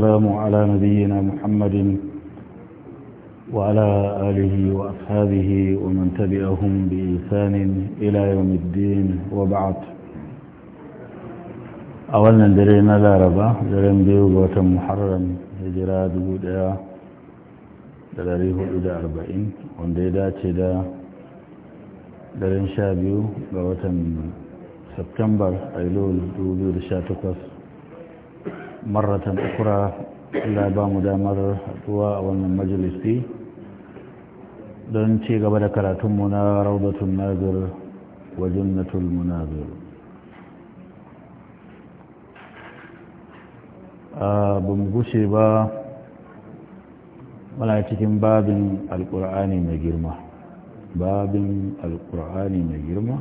السلام على نبينا محمد وعلى آله وأصحابه ومن تبعهم بإحسان إلى يوم الدين وبعد أولا درينا لا ربا درين بيوغة محرم هجرة دبودة دراريه إلى أربعين ونديدا تدا درين شابيو بوتن سبتمبر أيلول 2018 maratan ukura Allah ba mu damar haɗuwa a wannan majalisi don ci gaba da karatunmu na raudatun nazir wa jannatul munazir ba mu gushe ba muna cikin babin alƙur'ani mai girma babin alƙur'ani mai girma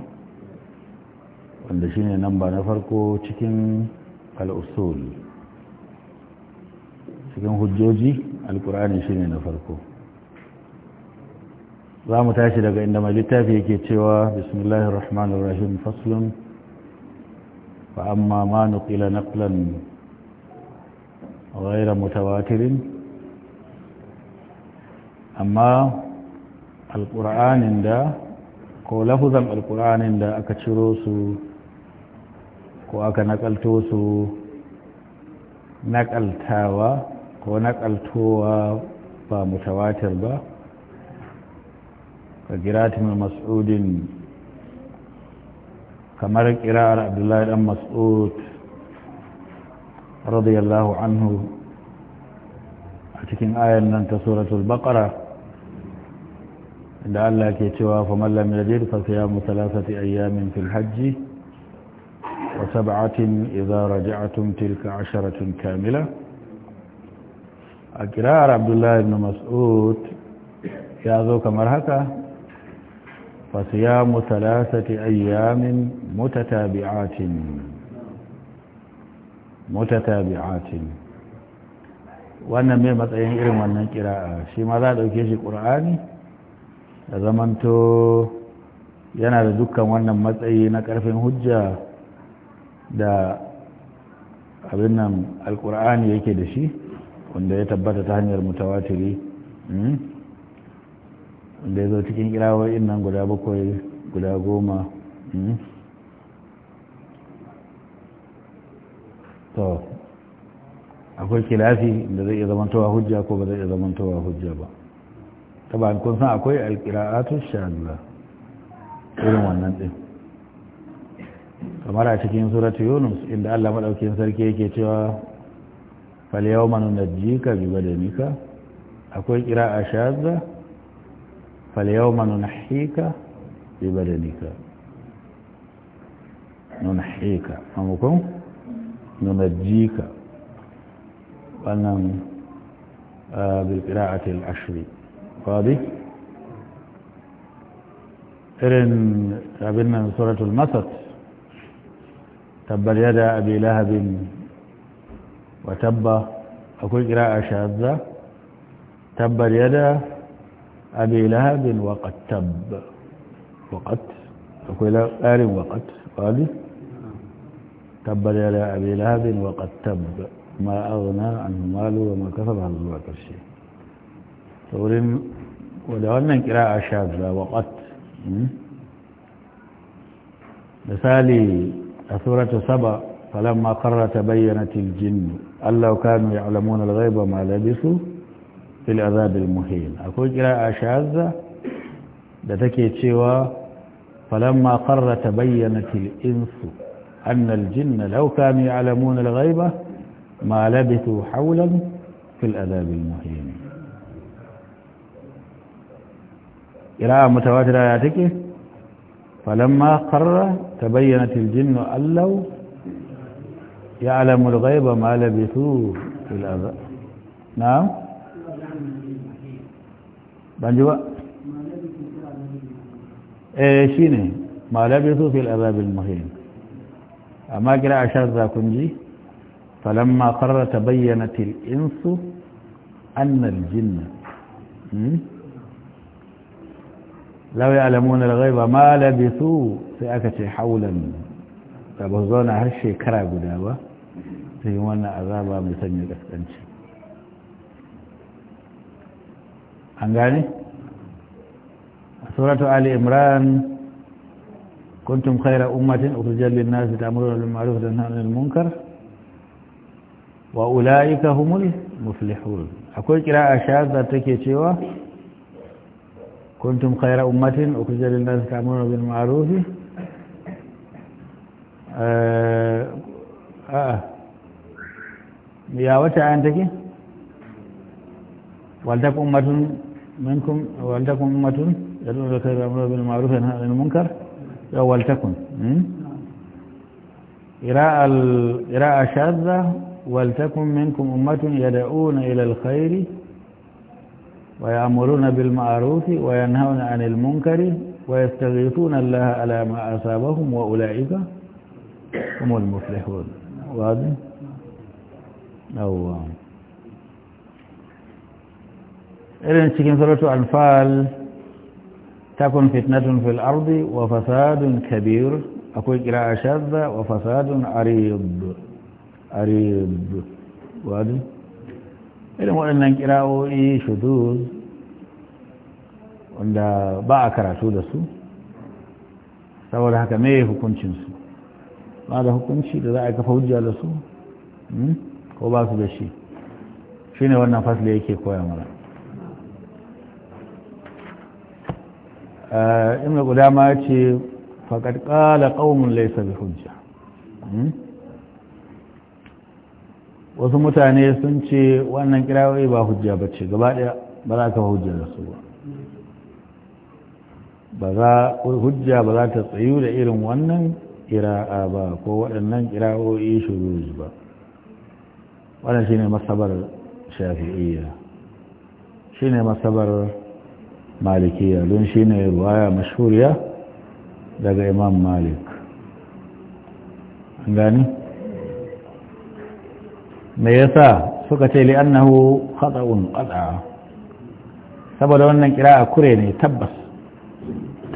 wanda shine namba na farko cikin al'usul cikin hujjoji alkur'ani shine na farko za mu tashi daga inda mai littafi yake cewa bismillahir rahmanir rahim faslun fa amma ma nuqila naqlan ghayra mutawatirin amma alqur'anin da ko lafuzan alkur'anin da aka ciro su ko aka nakalto su nakaltawa ko naƙaltowa ba mutawatir ba ka kira ta mas'udin kamar kira'ar abdullahi Ɗan mas'ud radiyallahu anhu a cikin ayan nan ta suratul baqara da Allah ke cewa faman lam yajid fa siyamu thalathati ayyamin fil hajj wa sab'atin idza raja'tum tilka 'asharatun kamila a kirar abdullahi ibn mas'ud ya zo kamar haka fasiyamu talatati ayyamin mutatabi'atin mutatabi'atin wannan mai matsayin irin wannan kira'a shi ma za a ɗauke shi ƙur'ani da zamanto yana da dukkan wannan matsayi na ƙarfin hujja da abin nan alƙur'ani yake da shi wanda ya tabbata ta hanyar mutawatiri hmm? wanda ya zo cikin kirawoyin nan guda bakwai guda goma hmm? to akwai kilafi da zai iya zamantowa hujja ko ba zai iya zamantowa hujja ba ta ba kun san akwai alkira'atun sha'adula irin wannan din kamar a cikin suratu yunus inda allah maɗaukin sarki yake cewa فاليوم ننجيك ببدنك أقول قراءة شاذة فاليوم ننحيك ببدنك ننحيك فهمكم ننجيك وأنا آه، بالقراءة العشر قاضي إرن قابلنا من سورة المسط تبر يد أبي لهب wa tabba akwai kira'a shazza tabbar yada abi lahabin wa qad tabb wa qad akwai ƙarin wa qad wali tabbar yada abi lahabin wa qad tabb ma aghna anhu malu wa ma kasaba zuwa karshe saurin wadda wannan kira'a shazza wa qad misali a suratu saba فلما قر تبينت الجن أن لو كانوا يعلمون الغيب ما لبثوا في العذاب المهين أقول قراءة شاذة لتكي تشيوا فلما قر تبينت الإنس أن الجن لو كانوا يعلمون الغيب ما لبثوا حولا في العذاب المهين قراءة متواترة يا تكي فلما قر تبينت الجن أن لو يعلم الغيب ما لبثوا في الأذى نعم بنجوا ايه شيني ما لبثوا في العذاب المهين أما كلا عشر ذا كنجي فلما قرر تبينت الإنس أن الجن لو يعلمون الغيب ما لبثوا في أكتي حولا تبهزون هالشي كرا قدابا ta yi wannan azaba mai sanya kaskanci an gane a suratu ali imran kuntum khaira ummatin ukhrijat lin nasu ta bil ma'ruf wa tanhauna 'anil munkar wa ulaika humul muflihul akwai kira a shadda take cewa kuntum khaira ummatin ukhrijat lin nasi ta'muruna bil ma'ruf eh, a'a ya wata ayan take waldakum ummatun minkum waldakum ummatun yad'una ila khayri amrin bil ma'ruf wa nahyi 'anil munkar ya شاذة ولتكن منكم أمة يدعون إلى الخير ويأمرون بالمعروف وينهون عن المنكر ويستغيثون الله على ما أصابهم وأولئك هم المفلحون واضح أو إذن تكن سورة الأنفال تكن فتنة في الأرض وفساد كبير أقول إلى أشد وفساد عريض عريض وهذا إذن هو أن كراء إي شدود عند باع كراتو دسو سوال حكمي حكم شنسو ماذا حكم شيء إذا أكفوجي على سو مم? ko ba su da shi shi ne wannan fasle yake koya mana eh, imna guda ya ce faƙaɗi ƙala ƙaunin laisa bi hujja hmm? wasu mutane sun ce wannan ƙirawai ba hujja ba ce gaba ɗaya ba za ka hujja da su ba ba za hujja ba za ta tsayu da irin wannan kira'a ba ko waɗannan ƙira'o'i shuru ba wannan shine masabar shafi'iyya shine masabar malikiyya don shine ruwaya mashhuriya daga imam malik gani me yasa suka ce li'annahu khata'un qad'a saboda wannan kira'a kure ne tabbas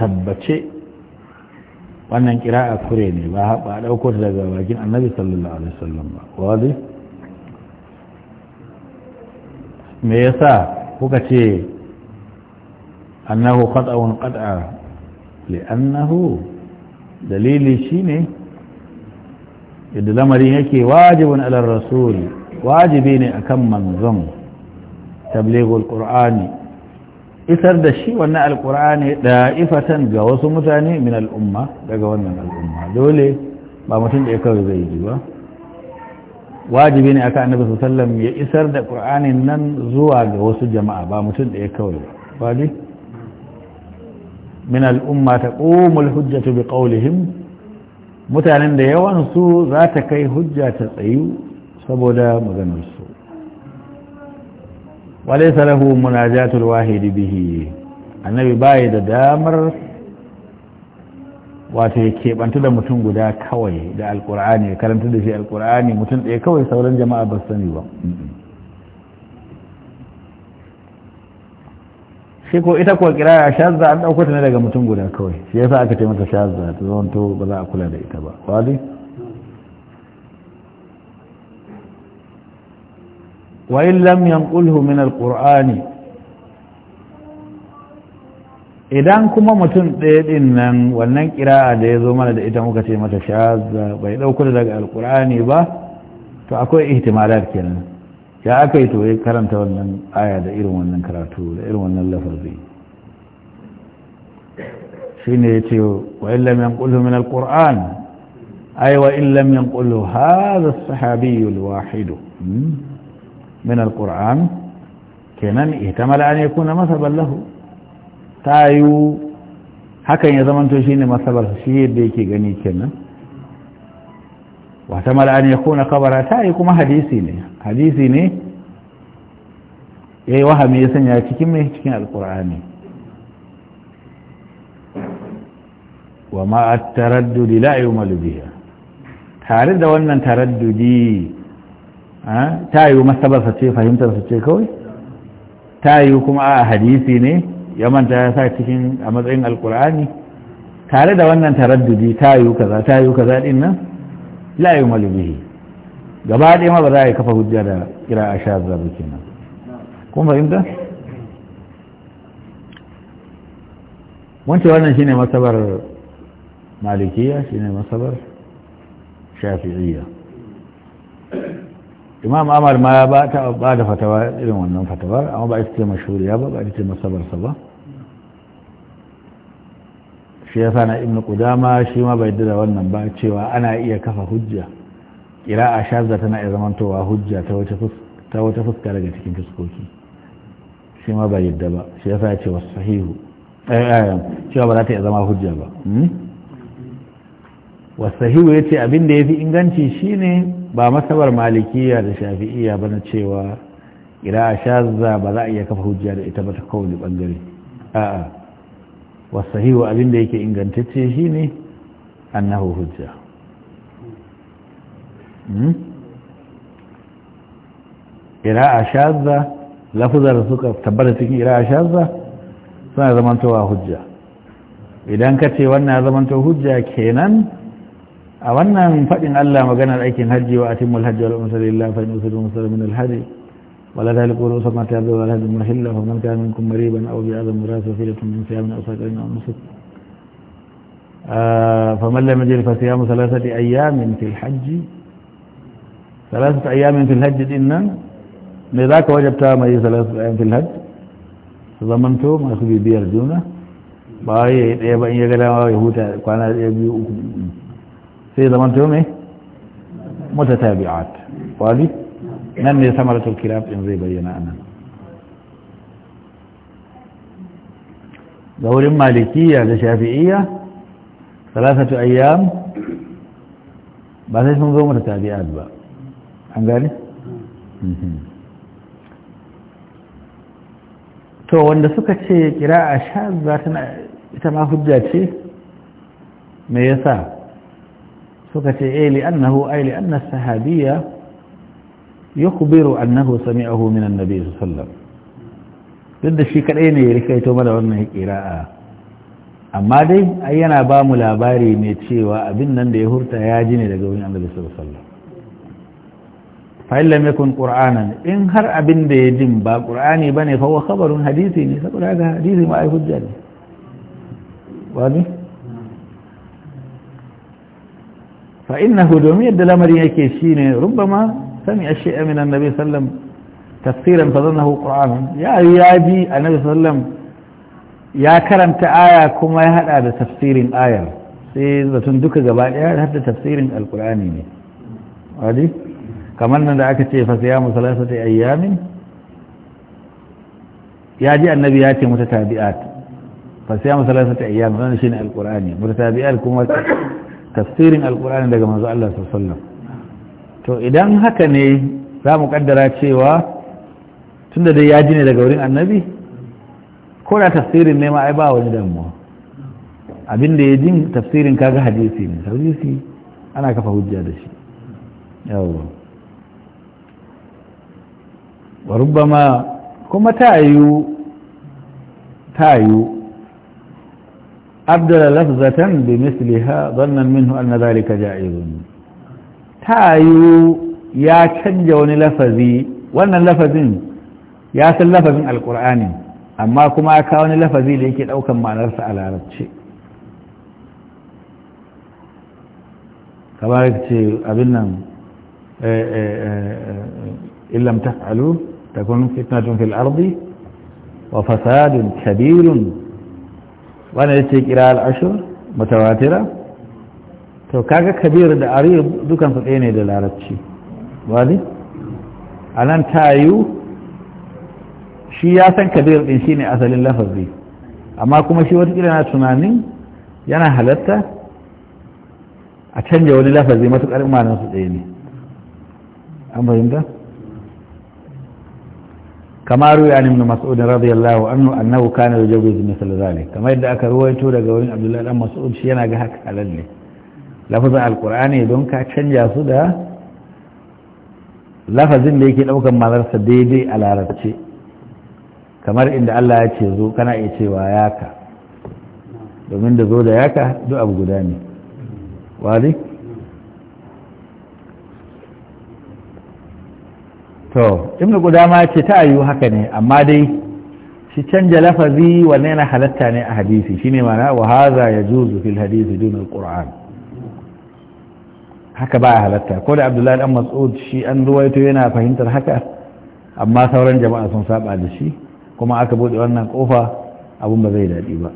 tabbace wannan kira'a kure ne ba ba dauko daga bakin annabi sallallahu alaihi wasallam ba wadi me yasa kuka ce annahu qad'un qad'a li'annahu dalili shine yadda yake wajibun ala rasul wajibi ne akan manzon tablighul qur'ani isar da shi wannan alqur'ani da ifatan ga wasu mutane min al'umma daga wannan al'umma dole ba mutum da ya kawai zai yi ba wajibi ne aka annabi sallam ya isar da qur'anin nan zuwa ga wasu jama'a ba mutum ya kawai ba wadi min al'umma taqumul hujjatu biqawlihim mutanen da yawan su za ta kai hujja ta tsayu saboda maganar su walaysa lahu munajatul wahidi bihi annabi bai da damar wato ya keɓanta da mutum guda kawai da alkur'ani ya karanta da shi alkur'ani mutum ɗaya kawai sauran jama'a ba sani ba shi ko ita kuwa kiraya shazza an ɗauko ta ne daga mutum guda kawai shi yasa aka ce mata shazza ta to ba za a kula da ita ba wadi wa in lam yanqulhu min alqur'ani idan kuma mutum ɗaya ɗin nan wannan ƙira'a da ya zo mana da ita muka ce mata shazza bai ɗauku da daga alkur'ani ba to akwai ihtimalar kenan ya aka yi to ya karanta wannan aya da irin wannan karatu da irin wannan lafarzi shi ne ya ce wa illam yan yanqulhu min alqur'an ai wa illam yanqulhu hadha as-sahabi al-wahid min alqur'an kenan ihtimala ne kuna masa ballahu ta yi hakan ya zamanto shi ne masabar shi yadda yake gani kenan wata mala'ani ya kona kabara ta yi kuma hadisi ne hadisi ne ya yi wahami ya sanya cikin mai cikin alkur'ani wa ma'at taraddudi la'i umaru biya tare da wannan taraddudi ta yi masabarsa ce fahimtarsa ce kawai ta yi kuma a hadisi ne ya manta ya sa cikin a matsayin alkur'ani tare da wannan taraddudi ta yi kaza ta yi kaza din nan la yi malubihi gaba ɗaya ma ba za a yi kafa hujja da kira a sha zaɓi kenan kun fahimta wance wannan shine masabar malikiya shine masabar shafi'iyya imam amar ma ba ta ba da fatawa irin wannan fatawar amma ba ita ce mashuriya ba ba ita ce sa ba shi ya sa na ibn kudama shi ma bai da wannan ba cewa ana iya kafa hujja a shazza tana iya zamantowa hujja ta wata fuska daga cikin fuskoki shi ma bai yadda ba shi ya sa ya ce wasu sahihu eh, eh, cewa ba za ta iya zama hujja ba hmm? wasu sahihu ya ce abin da ya fi inganci shine ba masabar malikiya da shafi'iya ba na cewa a shazza ba za a iya kafa hujja da ita ba ta kowane bangare a'a wasahihu abinda yake ingantacce shi ne annahu hujja ira'a shazza lafuzar suka tabbata cikin ira'a shazza suna zamantowa hujja idan ka ce wannan zamanto hujja kenan a wannan faɗin Allah maganar aikin hajji wa atimul hajji wal umsar lillahi fa in usiru musar al hajji ولا ذلك رؤوس ما تابع ولا هدم محلة ومن كان منكم مريبا أو بأذى مراس وفيلة من صيام أو سكرين أو نسك آه، فمن لم يجد فصيام ثلاثة أيام في الحج ثلاثة أيام في الحج إن لذاك وجبتها ما هي ثلاثة أيام في الحج ضمنته ما يخبي بي أرجونه باي يبقى إيه إن إيه يقدر آه، يهوتا كان يبي sai zamanto mai من هي ثمرة الكلاب إن ذي بينا أنا دور مالكية لشافئية ثلاثة أيام بس ايش منظومة التعديات بقى عن قالي تو وانا سكت شي قراءة شاذة عشان اتما حجات شي ميسا سكت ايه لأنه اي لأن السهابية يخبر أنه سمعه من النبي صلى الله عليه وسلم duk da shi kaɗai ne ya rikaito mana wannan kira'a amma dai ai yana ba mu labari ne cewa abin nan da ya hurta ya ji ne daga wurin annabi sallallahu alaihi wasallam fa illam yakun qur'anan in har abin da ya din ba qur'ani bane fa huwa khabarun hadisi ne saboda haka hadisi ma ai hujja ne wani fa innahu domin yadda lamarin yake shine rubbama سمع الشيء من النبي صلى الله عليه وسلم تفسيرا فظنه قرآنا يا ياجي النبي صلى الله عليه وسلم يا كرمت آية كما يهدى بتفسير آية إذا تندك قبال هذا تفسير القرآني هذه كمان دعك فصيام ثلاثة أيام ya ji annabi ya ce mutatabi'at fa sai mu salasata ayyam wannan shine alqur'ani mutatabi'at kuma tafsirin alqur'ani daga manzo Allah sallallahu alaihi wasallam to idan haka ne za mu kaddara cewa tun da dai ya ji ne daga wurin annabi ko da tafsirin ne ma ai ba wani damuwa abin da ya jin tafsirin kaga hadisi ne hadisi ana kafa hujja da shi yawon warubama kuma ta yiwu ta yiwu abdala lafzatan bi misliha zannan minhu anna zalika ja'izun ta yiwu ya canja wani lafazi wannan lafazin ya san lafazin alkur'ani amma kuma ya kawo wani lafazi da yake ɗaukan ma'anarsa a larabci kamar ce abin nan eh, eh, eh, illam taf'alu takun fitnatun fil ardi wa fasadun kabirun wannan yace kira al-ashur mutawatira to kaga kabiru da ariyar dukansu ɗaya ne da larabci wani a nan ta yiwu shi ya san kabiru din shi ne asalin lafazi amma kuma shi wata na tunanin yana halatta a canja wani lafazi matuƙar su ɗaya ne an fahimta kamar ruwa ne mai masu odin radiyallahu annu annahu kana da jagwai zai misali zalai kamar yadda aka ruwaito daga wurin abdullahi dan masu odin shi yana ga haka halal lafazin alkur'ani don ka canja su da lafazin da yake ɗaukan malarsa daidai a larabci kamar inda Allah ya ce zo kana iya cewa yaka domin da zo da yaka duk abu guda ne wali to guda ma ce ta ayu haka ne amma dai shi canja lafazi wanne yana halatta ne a hadisi shine mana wa hadha yajuzu fil hadisi dun al haka ba a halatta ko da abdullahi dan mas'ud shi an ruwaito yana fahimtar haka amma sauran jama'a sun saba da shi kuma aka bude wannan kofa abun ba zai daɗi ba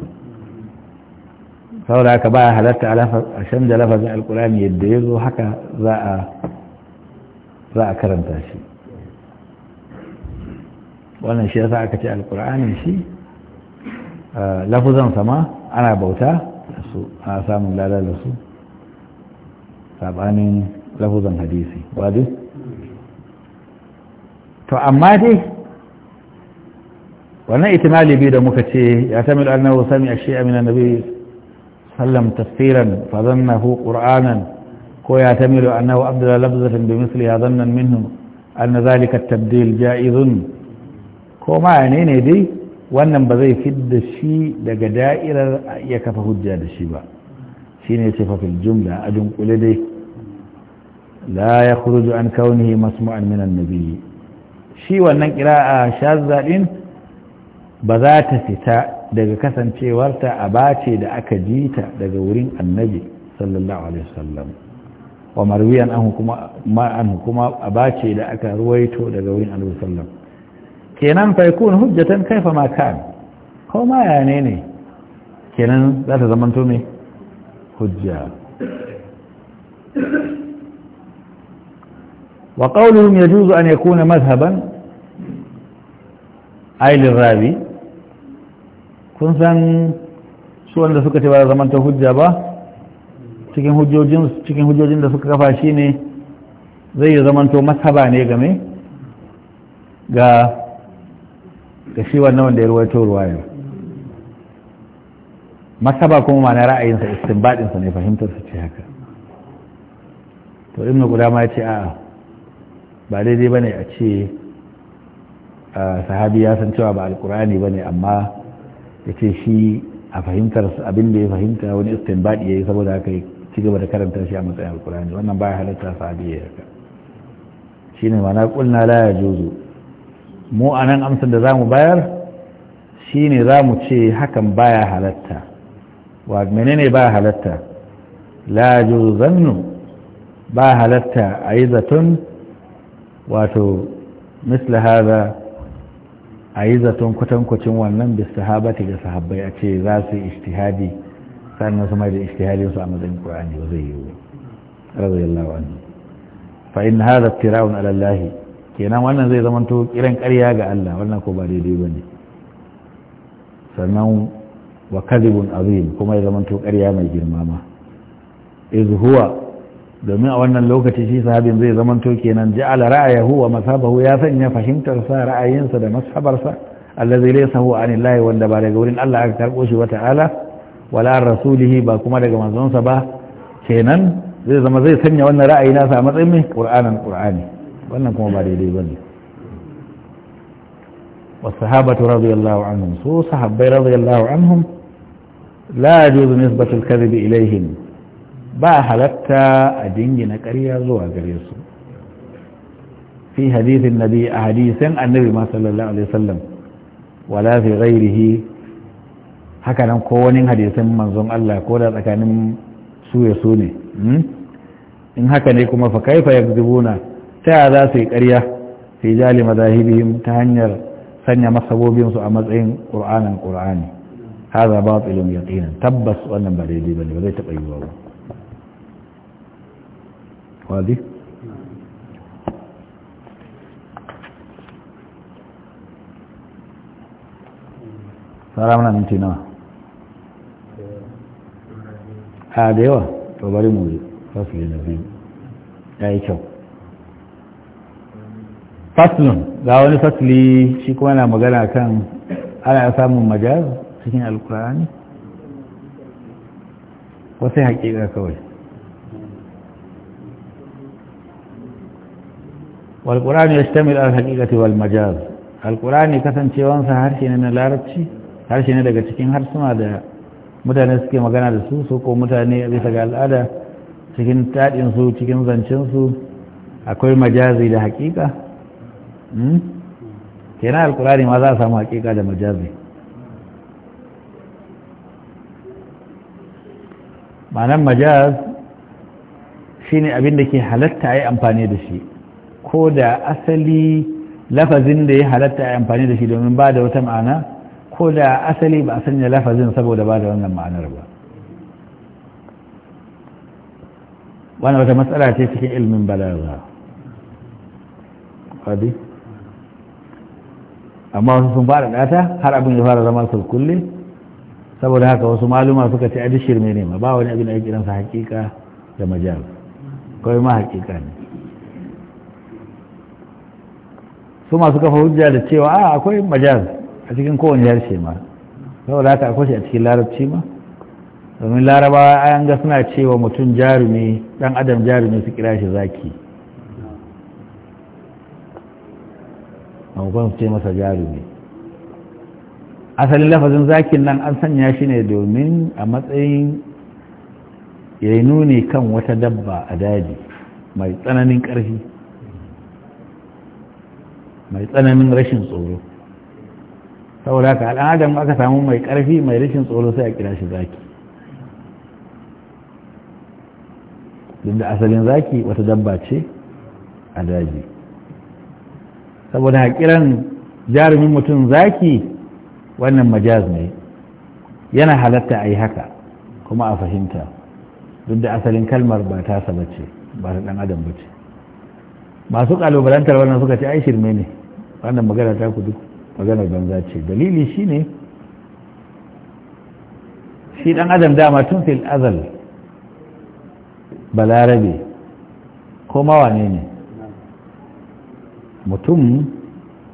saboda haka ba a halatta a canja lafazin alkulani yadda ya zo haka za a karanta shi wannan shi yasa aka ce alkulani shi eh, lafazan sama ana bauta a samun lalata su sabanin lafuzan hadisi ba wadi to amma dai wannan itimali biyu da muka ce ya tamil annahu sami ashiya min annabi sallam tafsiran fa zannahu qur'anan ko ya tamilu annahu abdala lafzatan bi misli ya zannan minhu anna zalika at-tabdil ja'izun ko ma ne ne dai wannan ba zai fidda shi daga da'irar ya kafa hujja da shi ba Shi ne fa fil jumla a dunkule dai la ya khuruju an kaunihi masmu'an min annabi shi wannan kira a din ba za ta fita daga kasancewarta a bace da aka jita daga wurin annabi sallallahu alaihi wasallam wa marwiyan an kuma an kuma a bace da aka ruwaito daga wurin annabi sallallahu alaihi wasallam kenan fa yakun hujjatan kaifa ma kan ko ma ya ne ne kenan za ta zamanto me hujja wa qawluhum yajuzu an yakuna madhhaban ay lirabi kun san su wanda suka ce ba zaman ta hujja ba cikin hujjojin cikin hujjojin da suka kafa shine zai yi zamanto mazhaba ne game ga ga shi wannan wanda ya ruwaito ruwayar masaba kuma ma na ra'ayinsa istinbadinsa ne fahimtar su ce haka to ibn qudama ya ce a ba daidai bane a ce sahabi ya san cewa ba alqur'ani bane amma ya ce shi a fahimtar abin da ya fahimta wani istinbadi yayi saboda haka ya ci gaba da karanta shi a matsayin alqur'ani wannan baya halatta sahabi ya haka shine ma na kulna la yajuzu mu anan amsar da za mu bayar shine mu ce hakan baya halatta wa menene ba halatta la zannu ba halatta a yi zaton wato misla haza a yi zaton kwatankwacin wannan bis sahabati ga sahabbai a ce za su yi ishtihadi sannan su mai da ishtihadi su a matsayin ƙur'ani ba zai yi radiyallahu anhu fa in hadha tira'un ala Allah kenan wannan zai zama to kiran ƙarya ga Allah wannan ko ba daidai bane sannan wa kadhibun azim kuma ya zama to ƙarya mai girma ma iz domin a wannan lokaci shi sahabin zai zama to kenan ji ra'ayahu wa masabahu ya sanya fahimtar sa ra'ayinsa da masabarsa allazi laysa huwa anillahi wanda ba daga wurin Allah aka karbo shi wa wala rasulihi ba kuma daga manzonsa ba kenan zai zama zai sanya wannan ra'ayi nasa a matsayin mai qur'anan qur'ani wannan kuma ba daidai bane والصحابة رضي الله عنهم سو صحابي رضي الله عنهم لا يجوز نسبة الكذب إليهم با حلتا أدنجنا كريا زوا كريس في حديث النبي أحاديثا النبي ما صلى الله عليه وسلم ولا في غيره haka nan ko wani hadisin manzon Allah ko da tsakanin su ya su ne in haka ne kuma fa kaifa yakzibuna ta za su yi ƙarya fi jali madahibihim ta hanyar sanya masabobinsu a matsayin ƙur'anin ƙur'ani haza ba tsilin yaƙinin tabbas wannan ba daidai ba ne ba zai taɓa yi ba wadi tsara mana minti nawa a da yawa to mu yi fasu na biyu ya yi kyau faslun ga wani fasli shi kuma na magana kan ana samun majaz cikin alkur'ani wasu haƙiƙa kawai والقرآن يشتمل على الحقيقة والمجاز القرآن harshe ne na larabci harshe ne daga cikin harsuna da mutane suke magana da su so ko mutane bisa ga al'ada cikin taɗinsu cikin zancensu akwai majazi da haƙiƙa Hmm? kenan alkurani ma za a samu hakika da majazi ma'anar majaz shi ne abin da ke halatta a yi amfani da shi ko da asali lafazin da ya halatta a yi amfani da shi domin ba da wata ma'ana ko da asali ba a sanya lafazin saboda ba da wannan ma'anar ba wani wata matsala ce cikin ilmin balaga. Adi? amma wasu sun fara ɗata har abin ya fara zama kulle saboda haka wasu maluma suka ce adi shirme ne ma ba wani abin da ya kiransa hakika da majal kawai ma hakika ne su masu kafa hujja da cewa a akwai majal a cikin kowane harshe ma saboda haka akwai shi a cikin larabci ma domin larabawa an ga suna cewa mutum jarumi dan adam jarumi su kira shi zaki maimakon su ce masa jarumi asalin lafazin zakin nan an sanya shi ne domin a matsayin ya yi nuni kan wata dabba a daji mai tsananin ƙarfi mai tsananin rashin tsoro saboda ka al'adam aka samu mai ƙarfi mai rashin tsoro sai a kira shi zaki duk da asalin zaki wata dabba ce a daji saboda kiran jarumin mutum zaki wannan majaz ne yana halatta a yi haka kuma a fahimta duk da asalin kalmar ba tasa ce ba ta dan adam ce masu kalubalantar wannan suka ce ai shirme ne wannan magana ta ku duk maganar banza ce dalili shine shi dan adam dama tun fil azal balarabe ko mawane ne mutum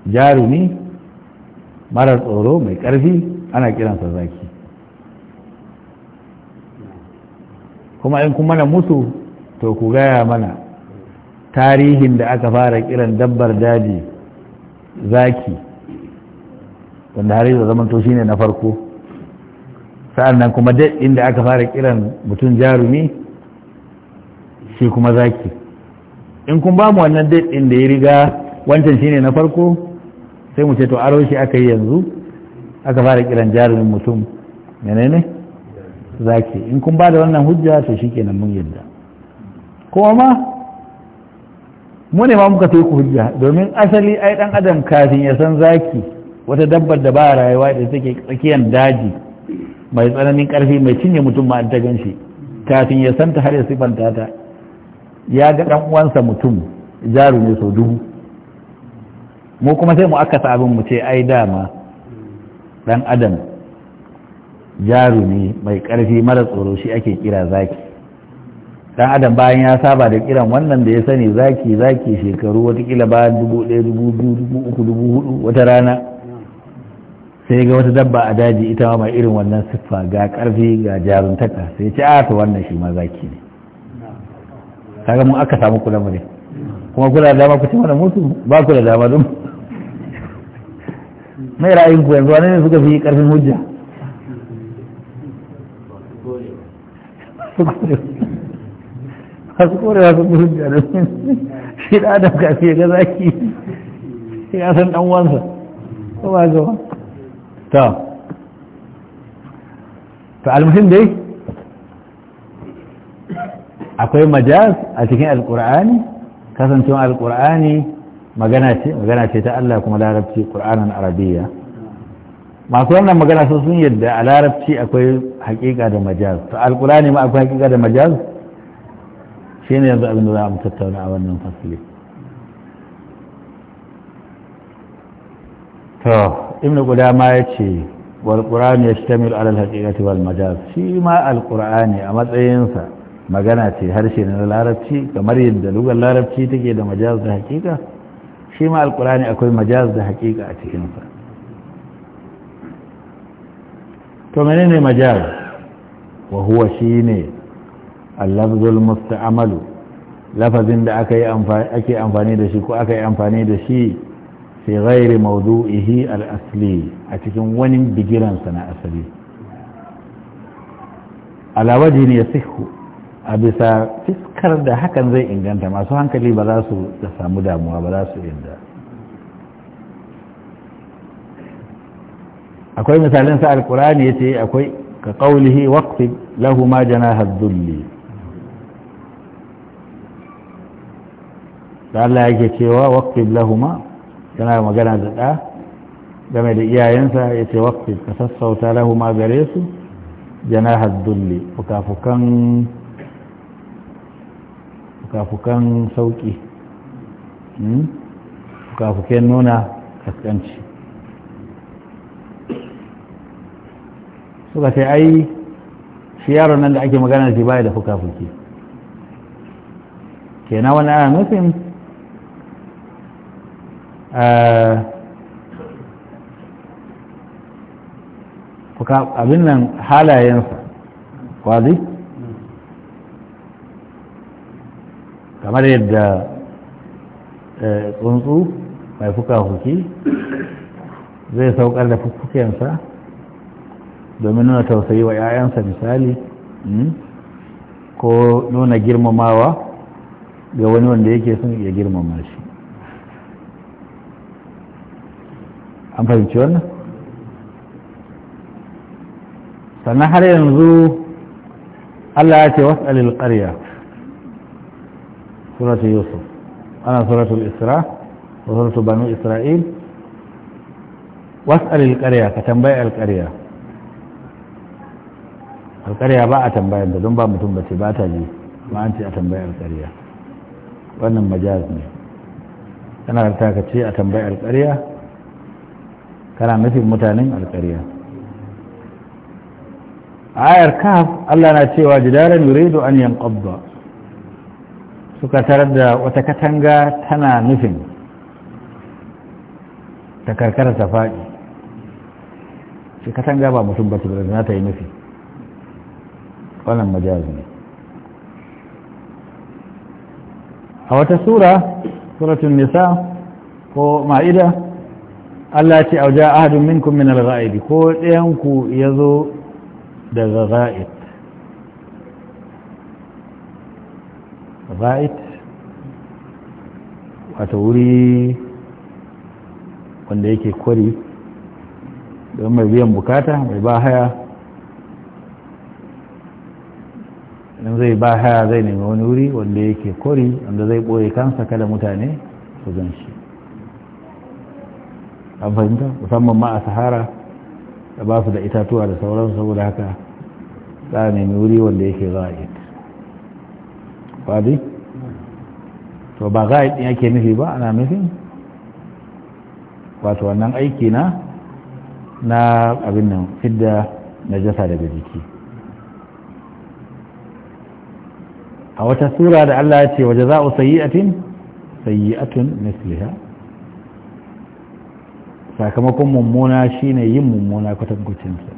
jarumi marar tsoro mai ƙarfi ana kiransa zaki kuma in kuma na musu to ku gaya mana tarihin da aka fara kiran dabbar daji zaki wanda har yanzu zamanto shine na farko sa'an nan kuma duk inda aka fara kiran mutum jarumi shi kuma zaki in kun ba mu wannan duk inda ya riga wancan shine na farko sai mu ce to aro shi aka yi yanzu aka fara kiran jarumin mutum menene zaki in kun ba da wannan hujja to shikenan mun yadda kuma ma mu ne ma muka sai ku hujja domin asali ai dan adam kafin ya san zaki wata dabbar da ba rayuwa da take tsakiyar daji mai tsananin karfi mai cinye mutum ma ta gan shi kafin ya ta har ya sifanta ta ya ga dan uwansa mutum jarumi sau dubu mu kuma sai mu akasa abin mu ce ai dama dan adam jarumi mai karfi mara tsoro shi ake kira zaki dan adam bayan ya saba da kiran wannan da ya sani zaki zaki shekaru watakila bayan dubu ɗaya dubu biyu dubu uku dubu hudu wata rana sai ga wata dabba a daji ita ma mai irin wannan siffa ga karfi ga jaruntaka sai ce a ah, ta wannan shi ma zaki ne kaga mun aka samu kula mu ne kuma kula da dama ku ce mana mutu ba ku da dama dun. mai ra'ayin ku yanzu wani ne suka fi karfin hujja masu kore masu kore hujja da shi da adam kafin fiye ga zaki ya san dan wansa ko ba ga ta ta almuhim dai akwai majaz a cikin alkur'ani kasancewa alkur'ani magana ce magana ce ta Allah kuma larabci qur'anan arabiya masu wannan magana su sun yadda a larabci akwai haƙiƙa da majaz to alqurani ma akwai haƙiƙa da majaz shi ne yanzu abin da za mu tattauna a wannan fasali to ibn qudama ya ce wal qur'an yashtamilu ala al haqiqati wal majaz shi ma al qur'ani a matsayinsa magana ce harshe na larabci kamar yadda lugar larabci take da majaz da haƙiƙa shi ma alkurani akwai majaz da hakika a cikinsa to menene majaz wa huwa shine al-lafzul musta'malu lafazin da ake amfani da shi ko aka yi amfani da shi fi ghairi mawdu'ihi al-asli a cikin wani bigiransa na asali ala wajhin yasihhu a bisa fiskar da hakan zai inganta masu hankali ba za su samu damuwa ba za su yadda akwai misalin sa alkurani ya ce akwai ka ƙaulihi waqti lahu ma jana hadzulli da Allah yake cewa waqti lahu ma yana magana da ɗa game da iyayensa ya ce waqti ka sassauta lahu ma gare su janaha fuka fukafukan fukafukan sauƙi hmm? fukafuken nuna kaskanci suka ce ai shi yaron nan da ake magana shi baya da fukafuki na wani ana nufin abin nan halayensa kwazi kamar yadda eh, tsuntsu mai fuka fuki zai saukar da fukukensa domin nuna tausayi wa 'ya'yansa misali hmm, ko nuna girmamawa ga wani wanda yake son iya girmama shi an fahimci wannan sannan har yanzu allah ya ce wasu alilƙariya ƙarya سورة يوسف أنا سورة الإسراء وسورة بنو إسرائيل واسأل القرية كتنبيع القرية القرية باء تنبيع بدون متنبة باتا جي ما أنت أتنبيع القرية وأنا مجازني أنا أرتاك شيء أتنبيع القرية كلام مثل متانين القرية آية كهف ألا نأتي وجدارا يريد أن ينقض suka tarar da wata katanga tana nufin ta karkara ta faɗi shi katanga ba mutum ba da na ta yi nufi wannan majazi ne a wata sura suratun nisa ko ma'ida Allah ce auja ahadun minkum min al ko ɗayan ku yazo daga ghaib ba'id wata wuri wanda yake kwari don mai biyan bukata mai ba haya don zai ba haya zai nemi wani wuri wanda yake kwari wanda zai ɓoye kansa kada mutane su zan shi an fahimta musamman ma a sahara da ba su da itatuwa da sauransu saboda haka za a nemi wuri wanda yake yi fadi to ba ga a yi yake nufi ba ana nufi wato wannan aiki na na abin nan fidda jasa daga jiki a wata sura da Allah ya ce waje za a sayi'atin sayi'atun misliha sakamakon mummuna shine yin mummuna kwatankwacinsa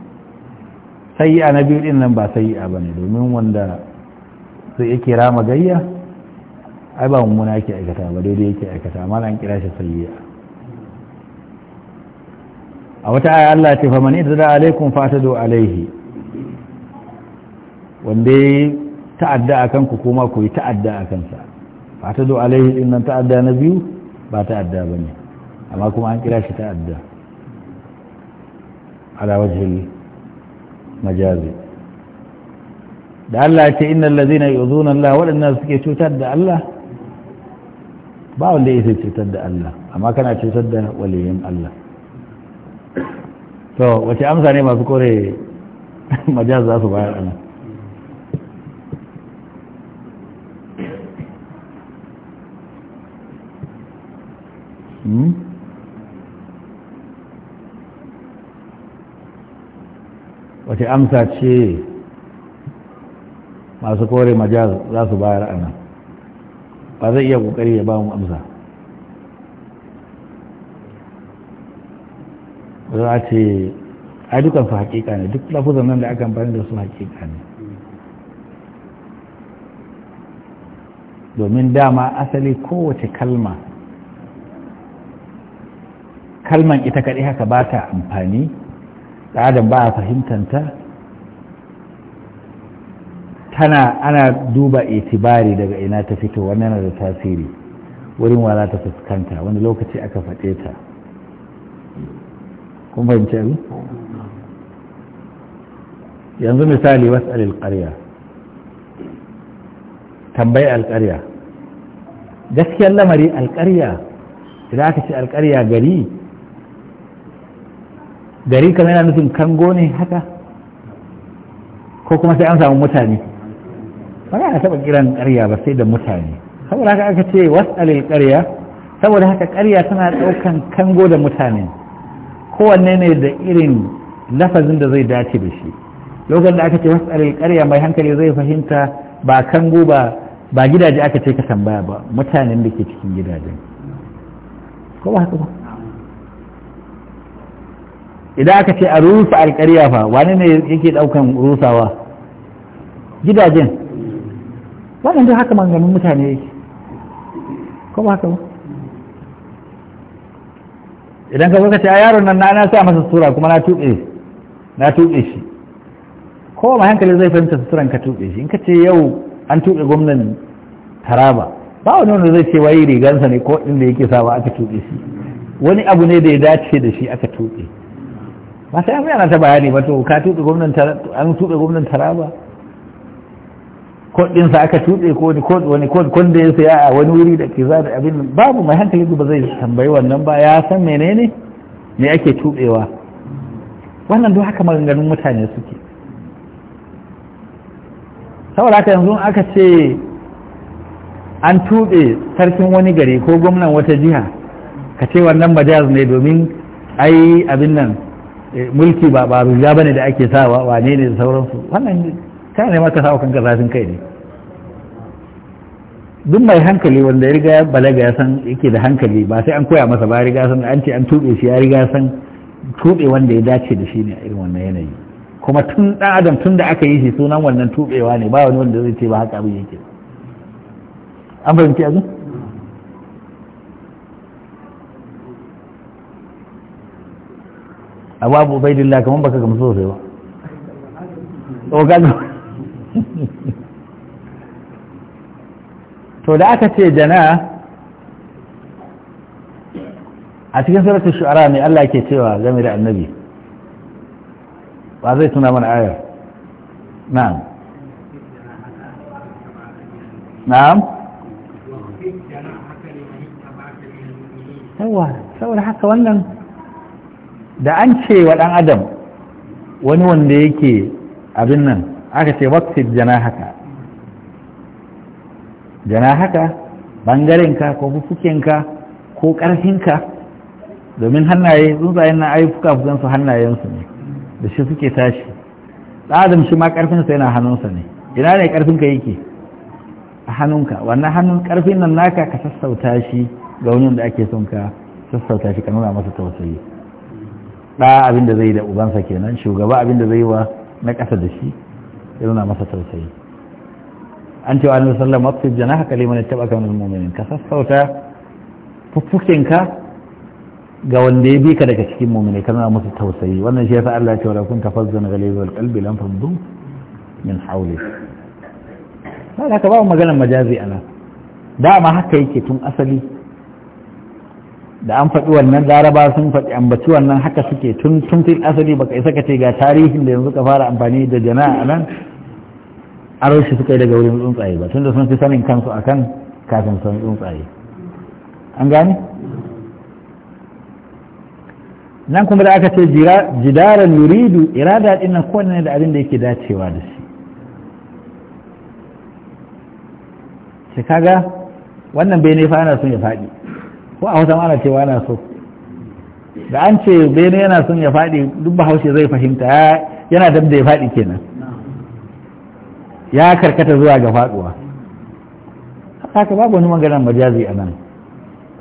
sayi'a na biyu din nan ba sayi'a ba ne domin wanda sai ya kira gayya ai ba mummuna yake aikata ba daidai yake aikata amma an kira shi sayyi'a a wata aya Allah ya ce fa man idda alaikum fatadu alaihi wanda ya ta'adda a kanku kuma ku yi ta'adda a kansa fatadu alaihi din nan ta'adda na biyu ba ta'adda ba ne amma kuma an kira shi ta'adda ala wajen majazi da Allah ya ce inna allazina yu'zuna Allah waɗannan suke cutar da Allah ba wanda yake cutar da Allah amma kana cutar da waliyin Allah to wace amsa ne masu kore majaz za su bayar ana hmm? wace amsa ce masu kore majaz za su bayar a nan ba zai iya kokari ya ba mu amsa za a ce a dukan su hakika ne duk lafuzan nan da aka amfani da su hakika ne domin dama asali kowace kalma kalman ita kaɗai haka ba ta amfani da ba a fahimtanta tana ana duba itibari daga ina ta fito wannan yana da tasiri wurin wala ta fuskanta wani lokaci aka faɗe ta kun fahimci abu yanzu misali wasu alƙarya tambayi alƙarya gaskiyar lamari alƙarya idan aka ce alƙarya gari gari kamar yana nufin kango ne haka ko kuma sai an samu mutane ba za a taɓa kiran ƙarya ba sai da mutane saboda haka aka ce wasalil ƙarya saboda haka ƙarya tana ɗaukan kango da mutane kowanne ne da irin lafazin da zai dace da shi lokacin da aka ce wasalil ƙarya mai hankali zai fahimta ba kango ba ba gidaje aka ce ka tambaya ba mutanen da ke cikin gidajen ko ba haka ba idan aka ce a rusa alƙarya fa wani ne yake ɗaukan rusawa gidajen wannan dai haka manganin mutane yake ko ba haka ba idan ka zaka ce a yaron nan na sa masa sura kuma na tuɓe na tuɓe shi ko ma hankali zai fahimta suturan ka tuɓe shi in ka ce yau an tuɓe gwamnan taraba ba wani wanda zai ce wai rigansa ne ko inda yake sawa aka tuɓe shi wani abu ne da ya dace da shi aka tuɓe ba sai an yana ta bayani ba to ka tuɓe gwamnan an tuɓe gwamnan taraba kodinsa aka tutse ko wani kod da ya saya a wani wuri da ke za da abin babu mai hankali ba zai tambayi wannan ba ya san menene me ake tutsewa wannan don haka maganganun mutane suke saboda haka yanzu aka ce an tuɓe sarkin wani gari ko gwamnan wata jiha ka ce wannan majaz ne domin ai abin nan eh, mulki ba ba ruja bane da ake sawa wane ne da sauransu wannan ka ne maka sawa kanka zafin kai ne duk mai hankali wanda ya riga balaga ya san yake da hankali ba sai an koya masa ba ya riga san an ce an tuɓe shi ya riga san tuɓe wanda ya dace da shi ne a irin wannan yanayi kuma tun ɗan adam tun da aka yi shi sunan wannan tuɓewa ne ba wani wanda zai ce ba haka abin yake an fahimci abin abu abu ubaidillah kamar baka gamsu sosai ba to da aka ce jana a cikin sarrafa shu'ara ne Allah ke cewa game da annabi ba zai tuna mana ayar na'am na'am yawa saboda haka wannan da an ce wa ɗan adam wani wanda yake abin nan aka ce jana haka jana haka ɓangarenka ko fufukenka ko ƙarfinka domin hannaye tsuntsayen na ayi fuka su hannayensu ne da shi suke tashi ɗadam shi ma ƙarfinsa yana hannunsa ne ina ne ƙarfinka yake a hannunka wannan hannun ƙarfin nan naka ka sassauta shi ga wani da ake son ka sassauta shi ka nuna masa tausayi ɗa abin da zai da ubansa kenan shugaba abin da zai wa na ƙasa da shi ya nuna masa tausayi an cewa annabi sallallahu alaihi wasallam jana haka liman taba kan minin ka sassauta fuffukinka ga wanda ya bi ka daga cikin mu'mini ka nuna masa tausayi wannan shi yasa Allah ya ce wa kun tafazzan ghalibul qalbi lam faddu min hawli ba da ka ba maganar majazi ana dama haka yake tun asali da an faɗi wannan laraba sun faɗi ambaci wannan haka suke tun tun fil asali baka isa ka ce ga tarihin da yanzu ka fara amfani da jana'a nan aro shi suka yi daga wurin tsuntsaye ba tunda sun fi sanin kansu akan kafin sun tsuntsaye an gane nan kuma da aka ce jidaran yuridu irada dinna nan kowanne da abin da yake dacewa da shi sai kaga wannan bai ne fa ana son ya faɗi ko a wasan ana cewa yana so da an ce bene yana son ya faɗi duk bahaushe zai fahimta yana dab da ya faɗi kenan ya karkata zuwa ga faɗuwa haka babu wani maganar majazi a nan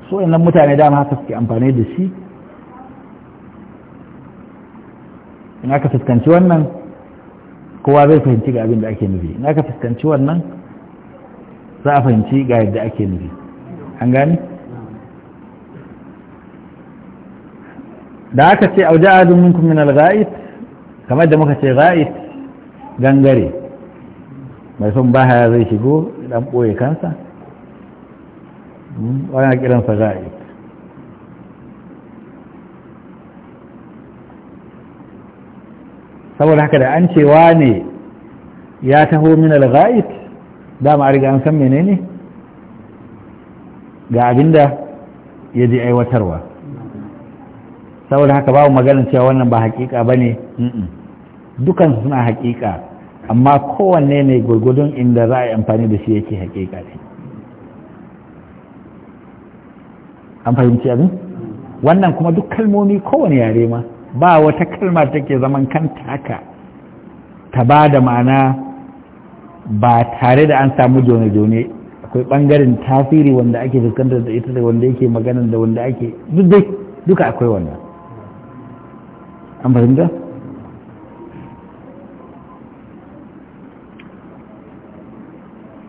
so nan mutane dama haka suke amfani da shi in aka fuskanci wannan kowa zai fahimci ga abin da ake nufi in aka fuskanci wannan za a fahimci ga yadda ake nufi an gani? da aka ce auja adun minkum min al kamar da muka ce gha'it gangare mai son bahaya zai shigo dan boye kansa hmm, wani kiransa gha'it saboda haka da an ne ya taho min al dama a riga an san menene ga abinda ya ji aiwatarwa saboda haka babu maganin cewa wannan ba hakika ba ne dukan suna hakika amma kowanne ne gurgudun inda za a yi amfani da shi yake hakika ne an fahimci abin wannan kuma duk kalmomi kowane yare ma ba wata kalma take zaman kanta haka ta ba da ma'ana ba tare da an samu jone-jone akwai bangaren tasiri wanda ake fuskantar da ita da wanda yake maganar da wanda ake duk duka akwai wannan an fahimta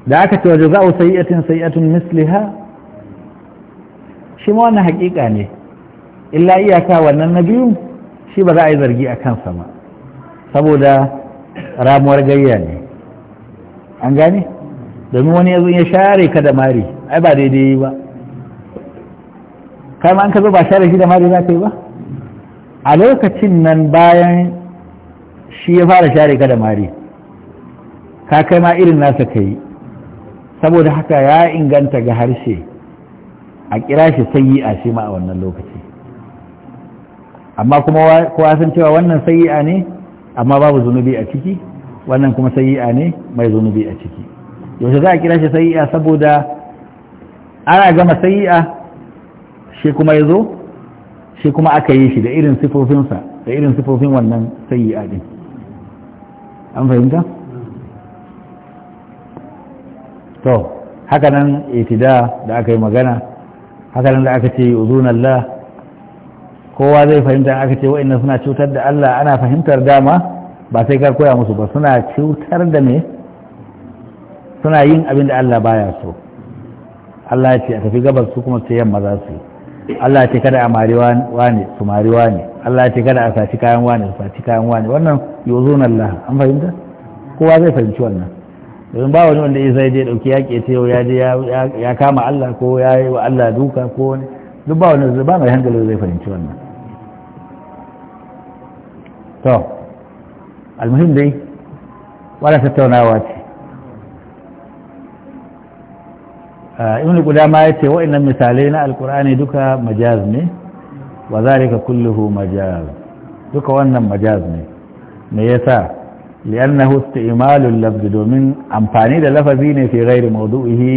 da aka ce waje za'u sayi'atin sayi'atun misliha shi ma wannan haƙiƙa ne illa iyaka wannan na biyu shi ba za a yi zargi a kansa ma saboda ramuwar gayya ne an gane domin wani yanzu ya share ka da mari ai ba daidai ba kai ma an ka zo ba share shi da mari za ka yi ba a lokacin nan bayan shi ya fara share ka da mari ka kai ma irin nasa ka yi saboda haka ya inganta ga harshe a kira shi a shi ma a wannan lokaci amma kuma kowa san cewa wannan a ne amma babu zunubi a ciki wannan kuma a ne mai zunubi a ciki yaushe za a kira shi a saboda ana gama sayi'a shi kuma ya zo shi kuma aka yi shi da irin sifofinsa da irin sifofin wannan yi din an fahimta? to haka nan itida da aka yi magana haka nan da aka ce uzunallah kowa zai fahimta aka ce wa'annan suna cutar da Allah ana fahimtar dama ba sai kar koya musu ba suna cutar da ne, suna yin abin da Allah baya so Allah ya ce a tafi gabar su kuma sai yamma za su yi Allah ce kada a mari wane su mari wane Allah ce kada a saci kayan wane su saci kayan wane wannan yozo na Allah an fahimta kowa zai fahimci wannan domin ba wani wanda zai je dauki ke ce ya je ya kama Allah ko ya yi wa Allah duka ko wani duk ba wani ba mai hankali zai fahimci wannan to almuhim dai wala tattaunawa ce ibn qudama yace wa'annan misalai na alqur'ani duka majaz ne wa zalika kulluhu majaz duka wannan majaz ne me yasa li'annahu isti'malul lafzi domin amfani da lafazi ne fi ghairi mawdu'ihi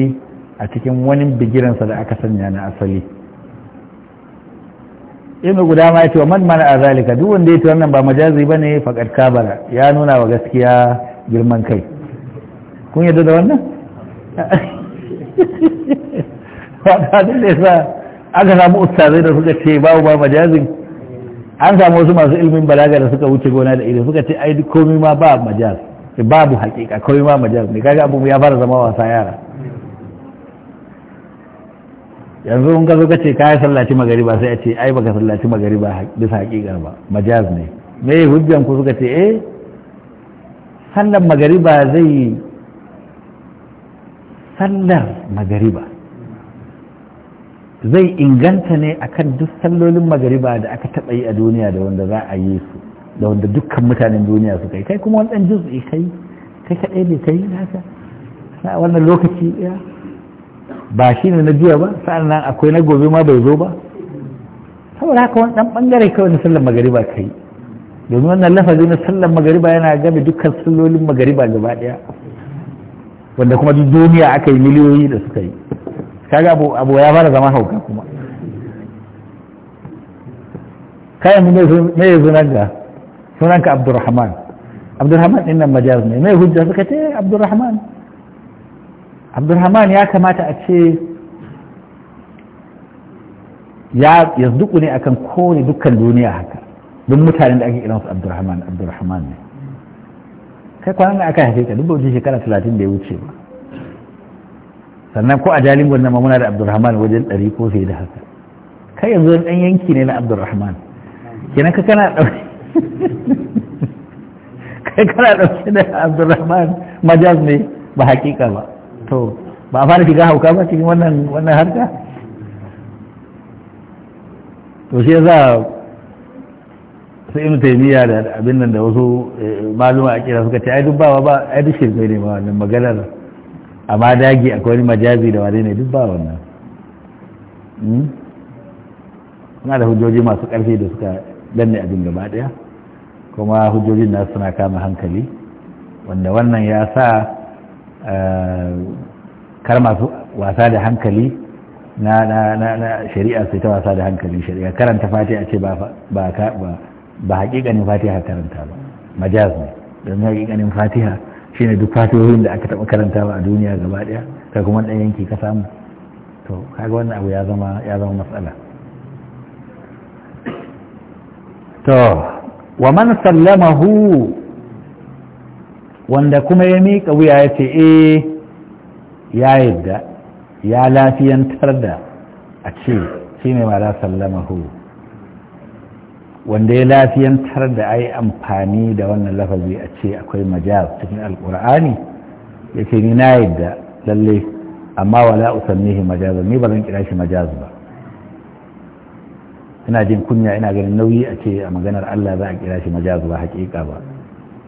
a cikin wani bigiransa da aka sanya na asali ibn qudama yace man mana a zalika duk wanda yace wannan ba majazi bane faqad kabara ya nuna wa gaskiya girman kai kun yadda da wannan wadadin da yasa aka samu ustazai da suka ce babu ba majazin an samu wasu masu ilimin balaga da suka wuce gona da ido suka ce ai komai ma ba majaz babu hakika komai ma majaz ne kaga abu ya fara zama wasa yara yanzu in ka zo ka ce ka yi sallaci magariba sai a ce ai baka sallaci magariba bisa haƙiƙa ba majaz ne me hujjan ku suka ce eh sallan magariba zai sallar magariba zai inganta ne akan duk sallolin magariba da aka taɓa yi a duniya da wanda za a yi su da wanda dukkan mutanen duniya su kai kai kuma wani ɗan juz'i kai kai kaɗai ne kai haka na wannan lokaci ya ba shi ne na jiya ba sa'an nan akwai na gobe ma bai zo ba saboda haka wani ɗan ɓangare kawai na sallar magariba kai domin wannan lafazi na sallar magariba yana game dukkan sallolin magariba gaba ɗaya wanda kuma duk duniya aka yi miliyoyi da suka yi kaga abu ya fara zama hauka kuma kayan mu me ya sunan ka sunan ka abdurrahman abdurrahman din nan majaz ne me hujja suka ce abdurrahman abdurrahman ya kamata a ce ya yazduku ne akan kowane dukkan duniya haka duk mutanen da ake kiransu abdurrahman abdurrahman ne kai kwanan aka haife ka duk bauchi shekara talatin da ya wuce ba sannan ko a jalin gwanna ma muna da abdurrahman wajen ɗari ko sai da haka kai yanzu wani ɗan yanki ne na abdurrahman kenan ka kana ɗauke kai kana ɗauke da abdurrahman majaz ne ba hakika ba to ba a fara shiga hauka ba cikin wannan harka to shi ya za su ibn taymiya da abin nan da wasu eh, maluma a kira suka ce ai duk ba ba ai duk shirme ne ma wannan maganar amma dagi akwai wani majazi da wane ne duk ba wannan hmm? suna da hujjoji masu ƙarfi da suka danne abin gaba ɗaya kuma hujjojin na suna kama hankali wanda wannan ya sa eh, kar masu wasa da hankali na shari'a sai ta wasa da hankali shari'a karanta fati a ce ba ba hakikanin fatiha karanta ba majaz ne don hakikanin fatiha shine duk fatihohin da aka taɓa karantawa a duniya gaba ɗaya ka kuma ɗan yanki ka samu to kaga wannan abu ya zama ya zama matsala to wa man sallamahu wanda kuma ya miƙa wuya ya ce e ya yadda ya lafiyantar da a ce shi ne ma sallamahu wanda ya lafiyantar da ai amfani da wannan lafazi a ce akwai majal cikin alkur'ani ya ce ni na yadda lalle amma wala shi majaz ni ba zan kira shi majaz ba ina jin kunya ina ganin nauyi a ce a maganar Allah za a kira shi majaz ba hakika ba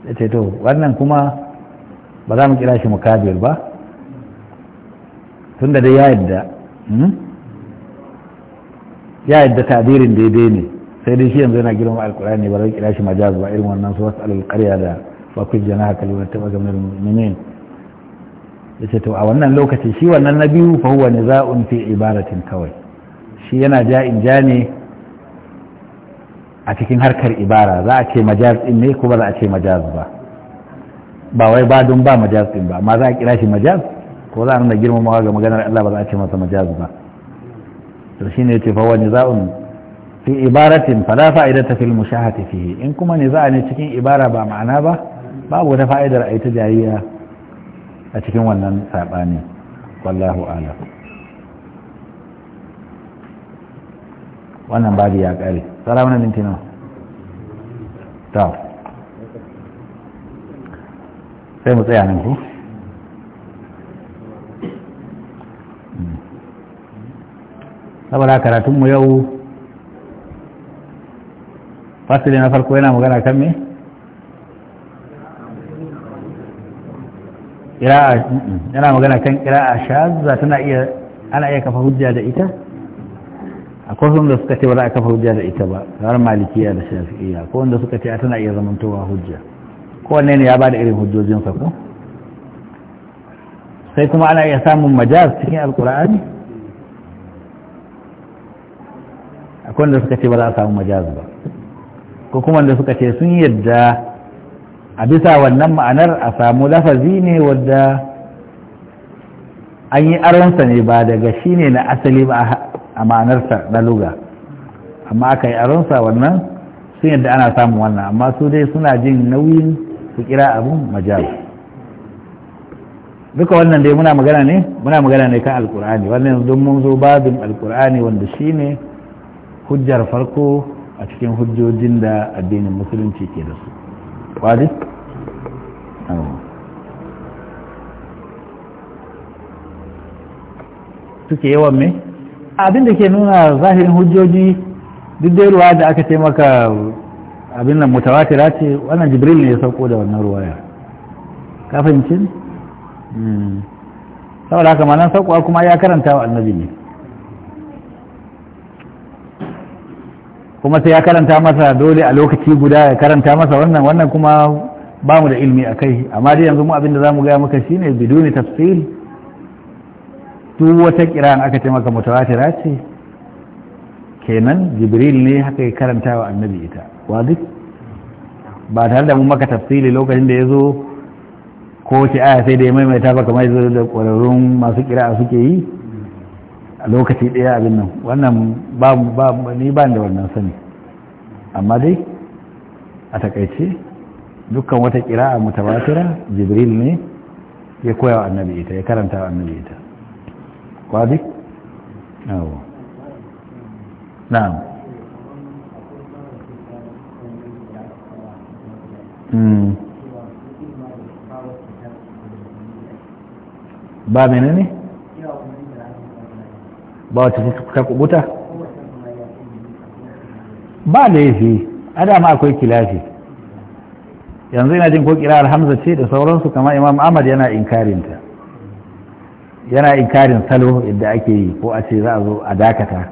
ya ce to wannan kuma ba za mu kira shi mukabir ba tunda dai ya yadda hmm? ya yadda tabirin daidai ne sai dai shi yanzu yana girma alkurani ba zai kira shi majaz ba irin wannan su wasu alƙarya da bakwai jana haka liman taɓa gamar ya yace to a wannan lokaci shi wannan na biyu fa huwa za'un fi ibaratin kawai shi yana ja in ja ne a cikin harkar ibara za a ce majaz din ne ko ba za a ce majaz ba ba wai ba don ba majaz din ba amma za a kira shi majaz ko za a nuna girmamawa ga maganar Allah ba za a ce masa majaz ba to shine yace fa huwa za'un fi ibaratin fa la fa'idata fil mushahati fihi in kuma ne za a ne cikin ibara ba ma'ana ba babu wata fa'idar ai ta jariya a cikin wannan sabani wallahu a'lam wannan babu ya kare tsara mana minti nawa ta sai mu tsaya nan ku hmm. saboda karatunmu yau فصل لنا فرق وينها مغانا كمي إلا أنا مغانا كان إلا أشاذ ذاتنا إيه أنا إيه كفهود جادة إيتا أكوهم لسكتي ولا كفهود جادة إيتا غير مالكية لشافئية أكوهم لسكتي أتنا إيه زمنتوا هود جا كوهن نين يابان إيه هجوزين فكو سيكم أنا إيه سام مجاز سكين القرآن أكوهم لسكتي ولا سام مجاز بقى. ko kuma da suka ce sun yadda a bisa wannan ma'anar a samu lafazi ne wadda an yi aronsa ne ba daga shi ne na asali ba a ma'anarsa na luga amma aka yi aronsa wannan sun yadda ana samun wannan amma su dai suna jin nauyin su kira abun majal duka wannan dai muna magana ne muna magana ne kan alkur'ani wannan yanzu mun zo babin alkur'ani wanda shi ne hujjar farko a cikin hujjojin da addinin musulunci ke da su wadi? suke yawan me? abin da ke nuna zahirin hujjoji duk dai ruwa da aka taimaka abin nan mutawatira ce wannan jibril ne ya sauko da wannan ruwaya kafin cin hmm. saboda haka ma nan saukowa kuma ya karanta wa annabi ne kuma sai ya karanta masa dole a lokaci guda ya karanta masa wannan wannan kuma ba mu da ilmi a kai amma dai yanzu mu abin da za mu gaya maka shine biduni tafsil duk wata kiran aka ce maka mutawatira ce kenan jibril ne haka ya karanta wa annabi ita wadik ba tare da mun maka tafsili lokacin da ya zo ko ce aya sai da ya maimaita ba kamar da ƙwararrun masu kira suke yi a lokaci ɗaya abin nan wannan ba ni ba da wannan sani amma dai a takaice dukkan wata a mutabatira jibril ne ya koya wa annabi ita ya karanta wa annabi ita kwadi? yawo na'am hmm. ba mai ne? ba wata ta kubuta ba fi a dama akwai kilafi yanzu yana jin ko kirar hamza ce da sauransu kama imam ahmad yana inkarinta yana inkarin salo yadda ake yi ko a ce za a zo a dakata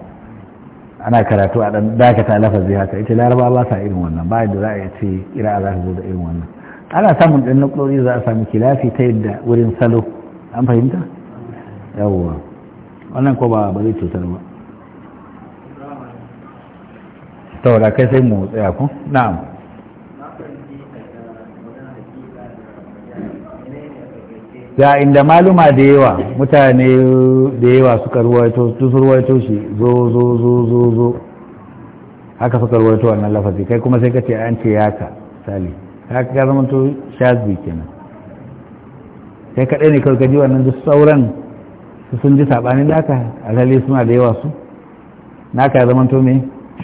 ana karatu a dan dakata lafazi haka ita laraba ba sa irin wannan ba yadda za a ce kira za ta zo da irin wannan ana samun ɗan nukurori za a samu kilafi ta yadda wurin salo an fahimta yawwa wannan ko ba ba zai cutar ba saboda kai sai mu tsaya ku na'am ga inda maluma da yawa mutane da yawa suka ruwaito su ruwaito shi zo zo zo zo zo haka suka ruwaito wannan lafazi kai kuma sai kace an ce yaka sali haka ka zama to shazbi kenan sai kaɗai ne kawai ka ji wannan duk sauran su sun ji saɓanin naka alhali suna da yawa su na ya zama to me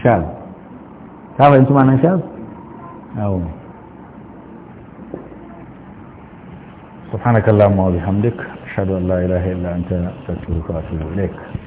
shaz ta fahimci ma nan shaz awo سبحانك اللهم hamdik أشهد Allah, لا إله Anta, أنت أستغفرك وأتوب